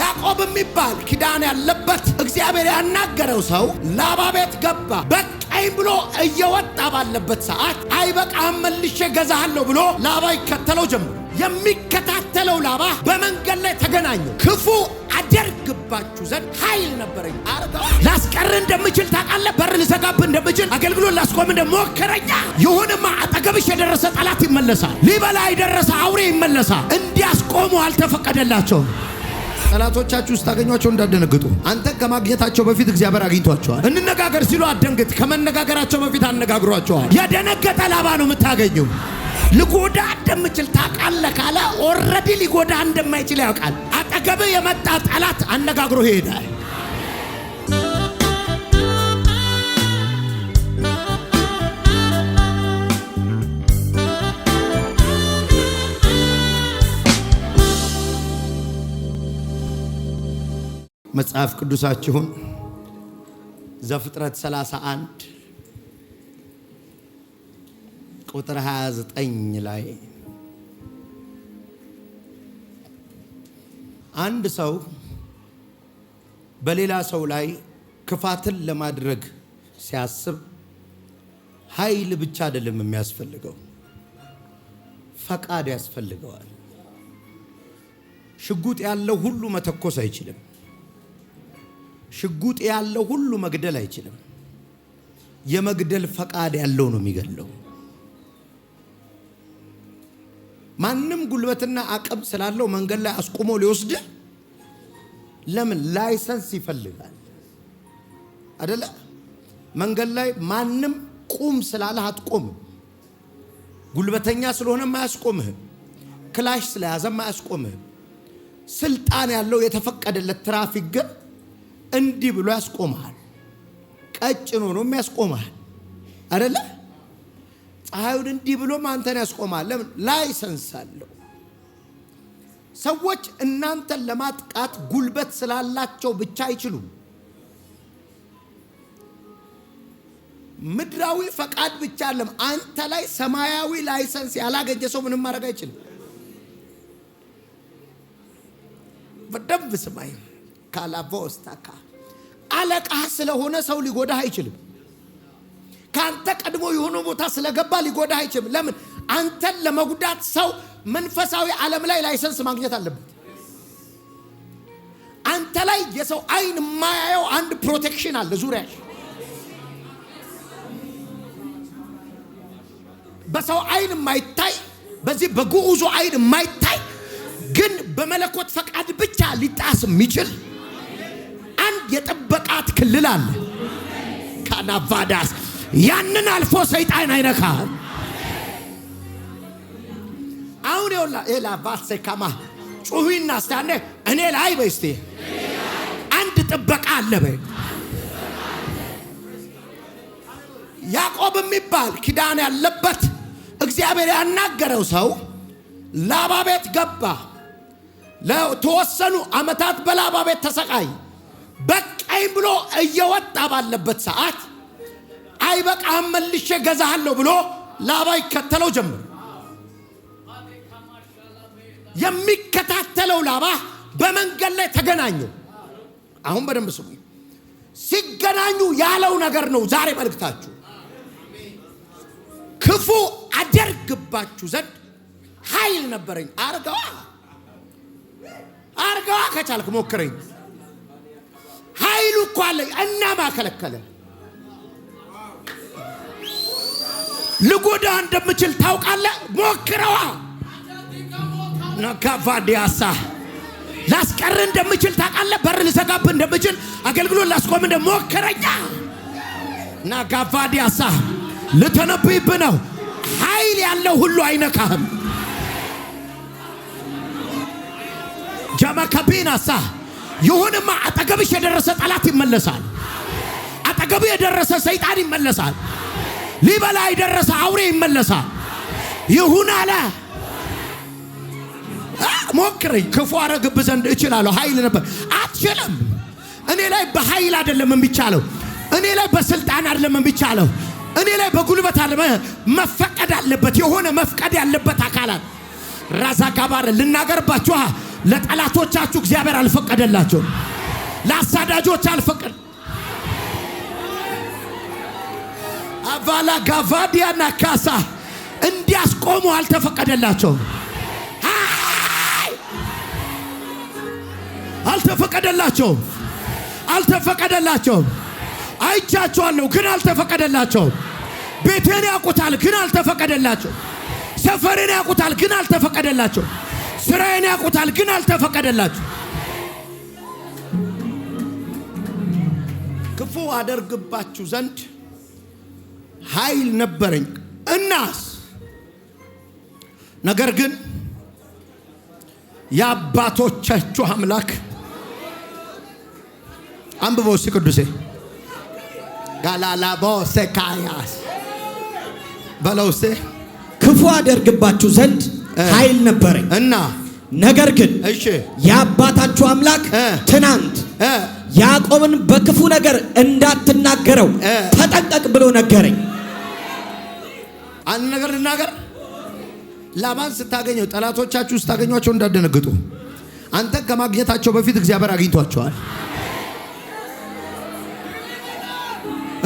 ያዕቆብ የሚባል ኪዳን ያለበት እግዚአብሔር ያናገረው ሰው ላባ ቤት ገባ። በቃኝ ብሎ እየወጣ ባለበት ሰዓት አይበቃም መልሼ ገዛሃለሁ ብሎ ላባ ይከተለው ጀምሮ የሚከታተለው ላባ በመንገድ ላይ ተገናኙ። ክፉ አደርግባችሁ ዘንድ ኃይል ነበረኝ። ላስቀር እንደምችል ታውቃለህ። በር ልዘጋብ እንደምችል አገልግሎት ላስቆም እንደመወከረኛ ይሁንማ፣ አጠገብሽ የደረሰ ጠላት ይመለሳል። ሊበላ የደረሰ አውሬ ይመለሳል። እንዲያስቆሙ አልተፈቀደላቸውም። ጠላቶቻችሁ ስታገኟቸው እንዳደነግጡ። አንተ ከማግኘታቸው በፊት እግዚአብሔር አግኝቷቸዋል። እንነጋገር ሲሉ አደንግጥ። ከመነጋገራቸው በፊት አነጋግሯቸዋል። የደነገጠ ላባ ነው የምታገኘው። ልጎዳ እንደምችል ታውቃለህ ካለ ኦልሬዲ ሊጎዳ እንደማይችል ያውቃል። አጠገብህ የመጣ ጠላት አነጋግሮ ይሄዳል። መጽሐፍ ቅዱሳችሁን ዘፍጥረት 31 ቁጥር 29 ላይ አንድ ሰው በሌላ ሰው ላይ ክፋትን ለማድረግ ሲያስብ ኃይል ብቻ አይደለም የሚያስፈልገው፣ ፈቃድ ያስፈልገዋል። ሽጉጥ ያለው ሁሉ መተኮስ አይችልም። ሽጉጥ ያለው ሁሉ መግደል አይችልም። የመግደል ፈቃድ ያለው ነው የሚገድለው። ማንም ጉልበትና አቅም ስላለው መንገድ ላይ አስቁሞ ሊወስድ ለምን ላይሰንስ ይፈልጋል አደለ? መንገድ ላይ ማንም ቁም ስላለህ አትቆምም። ጉልበተኛ ስለሆነም አያስቆምህም። ክላሽ ስለያዘም አያስቆምህም። ስልጣን ያለው የተፈቀደለት ትራፊክ ግን እንዲህ ብሎ ያስቆመሃል። ቀጭን ነው ያስቆመሃል አደለ? ፀሐዩን እንዲህ ብሎ አንተን ያስቆማል። ለምን? ላይሰንስ አለው። ሰዎች እናንተን ለማጥቃት ጉልበት ስላላቸው ብቻ አይችሉም። ምድራዊ ፈቃድ ብቻ አለም። አንተ ላይ ሰማያዊ ላይሰንስ ያላገኘ ሰው ምንም ማድረግ አይችልም። በደንብ ስማኝ። ካላቮስታካ አለቃህ ስለሆነ ሰው ሊጎዳህ አይችልም። ከአንተ ቀድሞ የሆነ ቦታ ስለገባ ሊጎዳህ አይችልም። ለምን? አንተን ለመጉዳት ሰው መንፈሳዊ ዓለም ላይ ላይሰንስ ማግኘት አለበት። አንተ ላይ የሰው አይን የማያየው አንድ ፕሮቴክሽን አለ ዙሪያ በሰው አይን የማይታይ በዚህ በጉዑዙ አይን የማይታይ ግን በመለኮት ፈቃድ ብቻ ሊጣስ የሚችል የጥበቃት ክልል አለ። ካናቫዳስ ያንን አልፎ ሰይጣን አይነካ አሁን ላ ላቫሴ ካማ ጩሁ እናስታነ እኔ ላይ በስቴ አንድ ጥበቃ አለ። በ ያዕቆብ የሚባል ኪዳን ያለበት እግዚአብሔር ያናገረው ሰው ላባ ቤት ገባ። ለተወሰኑ ዓመታት በላባ ቤት ተሰቃይ በቃኝ ብሎ እየወጣ ባለበት ሰዓት በቃ መልሼ ገዛሃለሁ ብሎ ላባ ይከተለው ጀምር። የሚከታተለው ላባ በመንገድ ላይ ተገናኘው። አሁን በደንብ ስሙ። ሲገናኙ ያለው ነገር ነው ዛሬ መልክታችሁ ክፉ አደርግባችሁ ዘንድ ኃይል ነበረኝ። አርገዋ አርገዋ፣ ከቻልክ ሞክረኝ ኃይሉ እኮ አለኝ እና ማከለከለ ልጎዳ እንደምችል ታውቃለ። ሞክረዋ ነጋቫዲያሳ ላስቀር እንደምችል ታውቃለህ። በር ልዘጋብ እንደምችል አገልግሎት ላስቆም እንደ ሞክረኛ ነጋቫዲያሳ ልተነብይብ ነው። ኃይል ያለው ሁሉ አይነካህም። ጀመከቢናሳ ይሁንማ አጠገብሽ የደረሰ ጠላት ይመለሳል። አጠገብ የደረሰ ሰይጣን ይመለሳል። ሊበላ የደረሰ አውሬ ይመለሳል። ይሁን አለ። ሞክረኝ፣ ክፉ አረግብ ዘንድ እችላለሁ። ኃይል ነበር። አትችልም። እኔ ላይ በኃይል አይደለም የሚቻለው። እኔ ላይ በስልጣን አይደለም የሚቻለው። እኔ ላይ በጉልበት አለ መፈቀድ አለበት። የሆነ መፍቀድ ያለበት አካላት ራዛ ጋባረ ልናገርባችኋ ለጠላቶቻችሁ እግዚአብሔር አልፈቀደላቸው። ለአሳዳጆች አልፈቀደ አባላ ጋቫዲያና ካሳ እንዲያስቆሙ አልተፈቀደላቸውም። አልተፈቀደላቸውም። አልተፈቀደላቸውም። አይቻቸዋለሁ ግን አልተፈቀደላቸውም። ቤቴን ያውቁታል ግን አልተፈቀደላቸው። ሰፈሬን ያውቁታል ግን አልተፈቀደላቸው። ስራዬን ያውቁታል፣ ግን አልተፈቀደላችሁ። ክፉ አደርግባችሁ ዘንድ ኃይል ነበረኝ እናስ ነገር ግን የአባቶቻችሁ አምላክ አንብበው እስኪ ቅዱሴ ጋላላቦ ሴካያስ በለውሴ እስኪ ክፉ አደርግባችሁ ዘንድ ኃይል ነበረኝ እና ነገር ግን እሺ የአባታችሁ አምላክ ትናንት ያዕቆብን በክፉ ነገር እንዳትናገረው ተጠንቀቅ ብሎ ነገረኝ። አንድ ነገር ልናገር። ላባን ስታገኘው ጠላቶቻችሁ ስታገኟቸው እንዳደነግጡ። አንተ ከማግኘታቸው በፊት እግዚአብሔር አግኝቷቸዋል።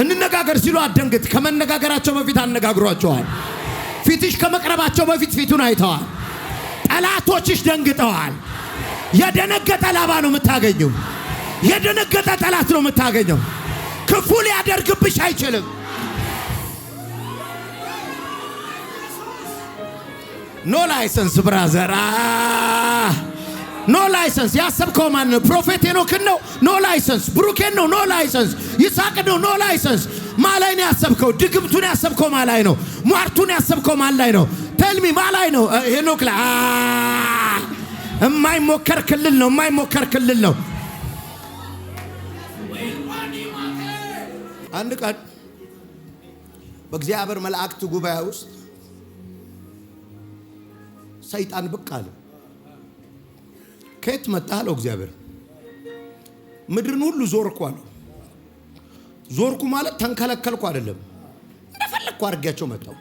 እንነጋገር ሲሉ አደንግት ከመነጋገራቸው በፊት አነጋግሯቸዋል። ፊትሽ ከመቅረባቸው በፊት ፊቱን አይተዋል። ጠላቶችሽ ደንግጠዋል። የደነገጠ ላባ ነው የምታገኘው። የደነገጠ ጠላት ነው የምታገኘው። ክፉ ሊያደርግብሽ አይችልም። ኖ ላይሰንስ ብራዘር ኖ ላይሰንስ ያሰብከው ማን ነው? ፕሮፌት ሄኖክን ነው? ኖ ላይሰንስ። ብሩኬን ነው? ኖ ላይሰንስ። ይስሐቅን ነው? ኖ ላይሰንስ። ማላይ ነው ያሰብከው። ድግምቱን ያሰብከው ማላይ ነው። ሟርቱን ያሰብከው ማላይ ነው። ተልሚ ማላይ ነው። ሄኖክ ላይ የማይሞከር ክልል ነው። የማይሞከር ክልል ነው። አንድ ቀን በእግዚአብሔር መላእክት ጉባኤ ውስጥ ሰይጣን ብቅ አለ። ከየት መጣ አለው እግዚአብሔር። ምድርን ሁሉ ዞርኩ አለው። ዞርኩ ማለት ተንከለከልኩ አይደለም፣ እንደፈለግኩ አድርጌያቸው መጣው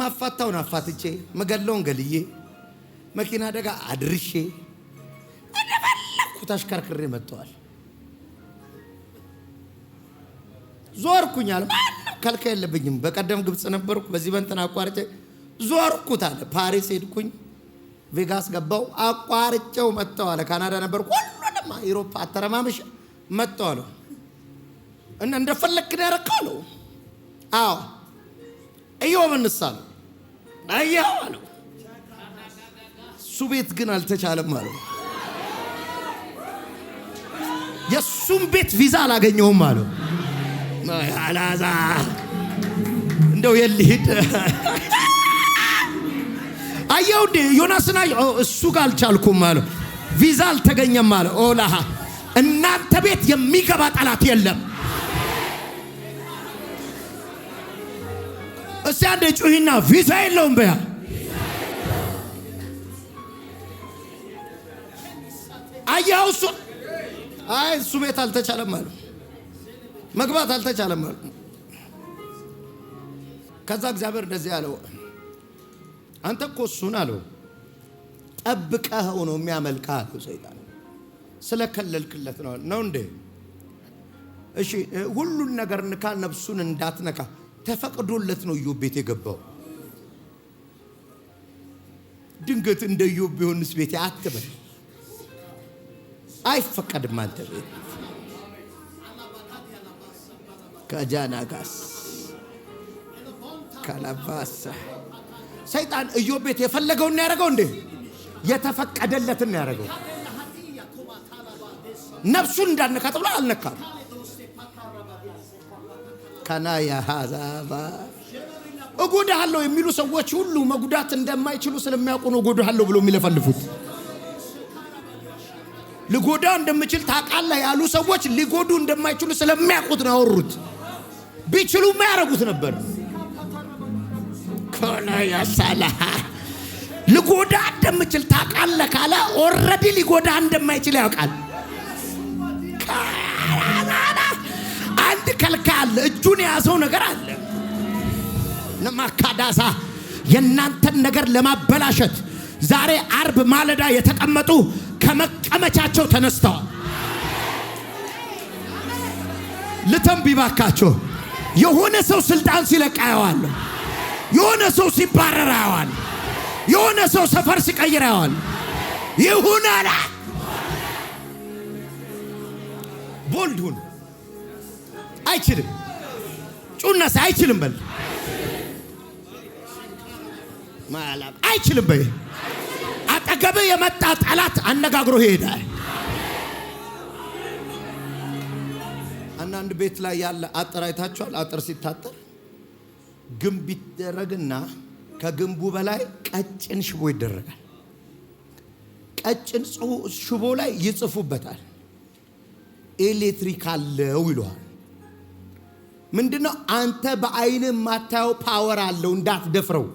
ማፋታውን አፋትቼ መገለውን ገልዬ መኪና አደጋ አድርሼ እንደፈለግኩ ተሽከርክሬ መጥተዋል። ዞርኩኛል። ማንም ከልካ የለብኝም። በቀደም ግብፅ ነበርኩ። በዚህ በንትን አቋርጬ ዞርኩት አለ። ፓሪስ ሄድኩኝ ቬጋስ ገባው አቋርጨው መጣው አለ። ካናዳ ነበር ሁሉንም ኢሮፓ አተረማምሽ መጣው አለ። እና እንደፈለክ ነው ያረከው አዎ ኢዮብ እንሳለው አያው አለው። እሱ ቤት ግን አልተቻለም አለው። የእሱም ቤት ቪዛ አላገኘውም አለው። አላዛ እንደው የልሂድ አየውድ ዮናስን አየ እሱ ጋር አልቻልኩም አለ። ቪዛ አልተገኘም አለ። ኦላሃ እናንተ ቤት የሚገባ ጠላት የለም። እስቲ አንድ ጩሂና ቪዛ የለውም በያ አየኸው እሱ አይ እሱ ቤት አልተቻለም አለ መግባት አልተቻለም አለ ከዛ እግዚአብሔር እንደዚህ ያለው አንተ እኮ እሱን አለው ጠብቀህ ሆኖ የሚያመልካ አለው። ሰይጣን ስለከለልክለት ነው ነው እንዴ? እሺ ሁሉን ነገር ንካ፣ ነፍሱን እንዳትነካ ተፈቅዶለት ነው ኢዮብ ቤት የገባው። ድንገት እንደ ኢዮብ ቢሆንስ ቤት አትበል፣ አይፈቀድም። አንተ ቤት ከጃናጋስ ካላባሳ ሰይጣን ኢዮብ ቤት የፈለገውን ነው ያደረገው እንዴ? የተፈቀደለትን ያደረገው። ነፍሱን እንዳነካ ተብሎ አልነካም። ከናያ ሀዛባ እጎዳሃለሁ የሚሉ ሰዎች ሁሉ መጉዳት እንደማይችሉ ስለሚያውቁ ነው እጎዳሃለሁ ብሎ የሚለፈልፉት። ልጎዳ እንደምችል ታውቃለህ ያሉ ሰዎች ሊጎዱ እንደማይችሉ ስለሚያውቁት ነው ያወሩት። ቢችሉ የማያደርጉት ነበር። ሆነ ያሳላ ልጎዳ እንደምችል ታቃለ ካለ ኦረዲ ሊጎዳ እንደማይችል ያውቃል። አንድ ከልካ አለ፣ እጁን የያዘው ነገር አለ። ንማካዳሳ የእናንተን ነገር ለማበላሸት ዛሬ አርብ ማለዳ የተቀመጡ ከመቀመቻቸው ተነስተዋል። ልተንቢባካቸው የሆነ ሰው ስልጣን ሲለቃየዋለሁ የሆነ ሰው ሲባረር አየዋል። የሆነ ሰው ሰፈር ሲቀይር አየዋል። ይሁን አለ። ቦልድ ሁን። አይችልም ጩና አይችልም በል አይችልም በይ። አጠገብህ የመጣ ጠላት አነጋግሮ ይሄዳል። አንዳንድ ቤት ላይ ያለ አጥር አይታችኋል። አጥር ሲታጠር ግንብ ይደረግና ከግንቡ በላይ ቀጭን ሽቦ ይደረጋል። ቀጭን ሽቦ ላይ ይጽፉበታል። ኤሌክትሪክ አለው ይለዋል። ምንድነው? አንተ በአይን የማታየው ፓወር አለው እንዳትደፍረው።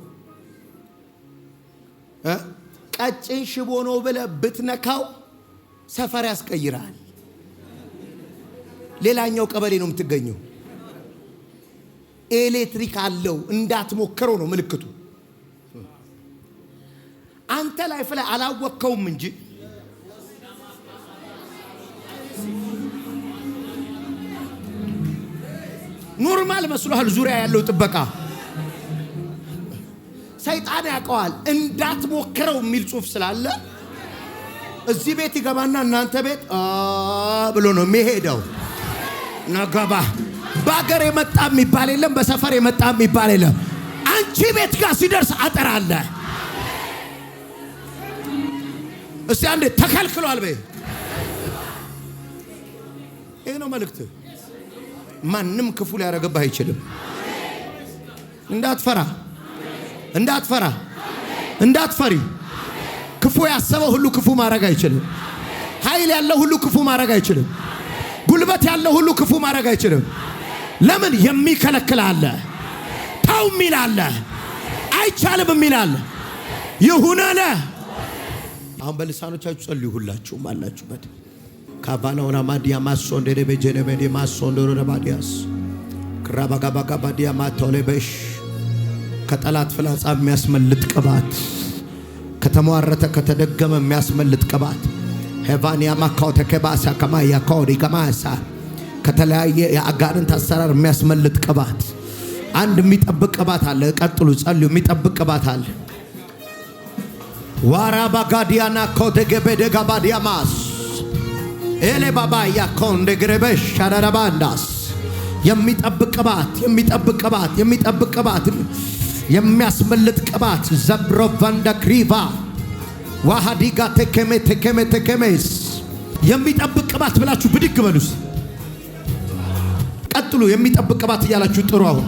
ቀጭን ሽቦ ነው ብለህ ብትነካው ሰፈር ያስቀይራል። ሌላኛው ቀበሌ ነው የምትገኘው። ኤሌክትሪክ አለው እንዳትሞክረው ነው ምልክቱ። አንተ ላይፍ ላይ አላወቅከውም እንጂ ኖርማል መስሎሃል። ዙሪያ ያለው ጥበቃ ሰይጣን ያውቀዋል። እንዳትሞክረው የሚል ጽሑፍ ስላለ እዚህ ቤት ይገባና እናንተ ቤት ብሎ ነው የሚሄደው ነገባ በሀገር የመጣ የሚባል የለም፣ በሰፈር የመጣ የሚባል የለም። አንቺ ቤት ጋር ሲደርስ አጥር አለ። እስቲ አንዴ ተከልክሏል በይ። ይህ ነው መልእክት። ማንም ክፉ ሊያረግብህ አይችልም። እንዳትፈራ፣ እንዳትፈራ፣ እንዳትፈሪ። ክፉ ያሰበው ሁሉ ክፉ ማድረግ አይችልም። ኃይል ያለው ሁሉ ክፉ ማድረግ አይችልም። ጉልበት ያለው ሁሉ ክፉ ማድረግ አይችልም። ለምን የሚከለክል የሚከለክላለ? ተው ሚላለ? አይቻልም አለ? ይሁን አለ። አሁን በልሳኖቻችሁ ጸልዩ፣ ሁላችሁም አላችሁበት ካባላውና ማዲያ ማሶ እንደደ በጀነ በደ ማሶ እንደረ ባዲያስ ክራባጋባጋ ባዲያ ማታው በሽ ከጠላት ፍላጻ የሚያስመልጥ ቅባት ከተሟረተ ከተደገመ የሚያስመልጥ ቅባት ሄቫንያ ማካው ተከባሳ ከማያ ካውሪ ከማሳ ከተለያየ የአጋንንት አሰራር የሚያስመልጥ ቅባት፣ አንድ የሚጠብቅ ቅባት አለ። ቀጥሉ፣ ጸልዩ። የሚጠብቅ ቅባት አለ። ዋራ ባጋዲያና ኮደገበደ ጋባዲያ ማስ ኤሌ ባባያ ኮንደግረበሽ ሻዳዳባንዳስ የሚጠብቅ ቅባት፣ የሚጠብቅ ቅባት፣ የሚጠብቅ ቅባት፣ የሚያስመልጥ ቅባት ዘብሮቫንዳ ክሪቫ ዋሃዲጋ ቴኬሜ ቴኬሜ ቴኬሜስ የሚጠብቅ ቅባት ብላችሁ ብድግ በሉስ ቀጥሉ። የሚጠብቅ ቅባት እያላችሁ ጥሩ። አሁን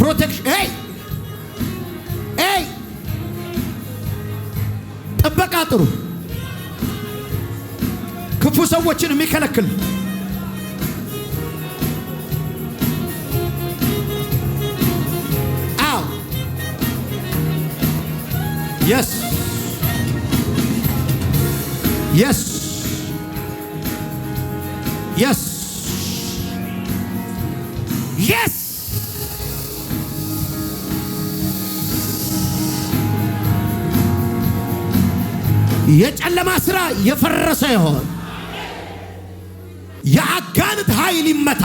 ፕሮቴክሽን ጥበቃ ጥሩ። ክፉ ሰዎችን የሚከለክል የስ የስ Yes. Yes. የጨለማ ስራ የፈረሰ ይሆን። የአጋንንት ኃይል ይመታ።